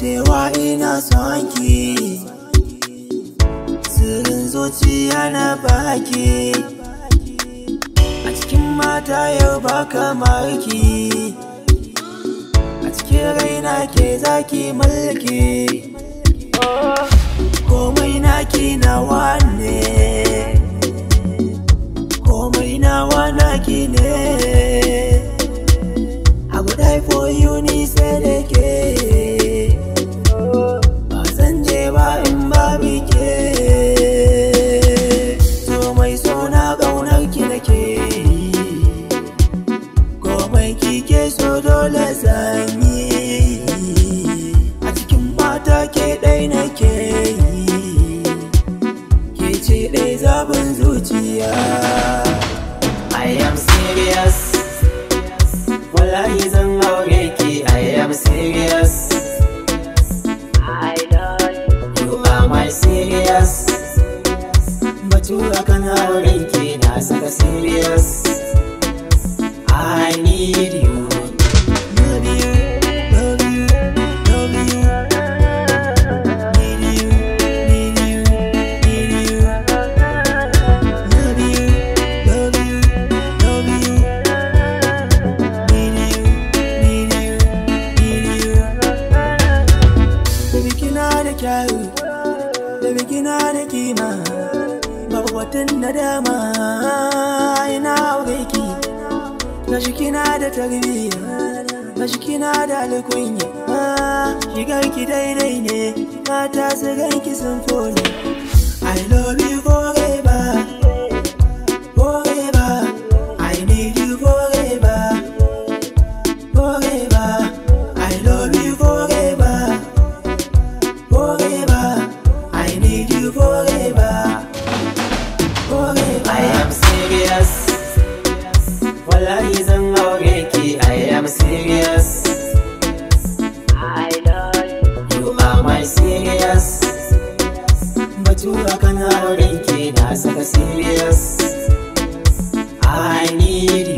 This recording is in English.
cewa ina son ki sirrin zuciya na baki a cikin mata yau ba kamar ki a cikin raina ke zaki mulki mai zuciya I am serious Wallahi zan aure ki I am serious I love you You are my serious Batura kan auren ki na saka serious I need you da kyawu da bikina da kima babu na dama ina aureki na shikina da tarbiyya na shikina da alkunya shigar ki daidai ne mata su ganki sun fone I am serious Wallahi zan aure I am serious I love you are my serious Batura kan auren ki na I need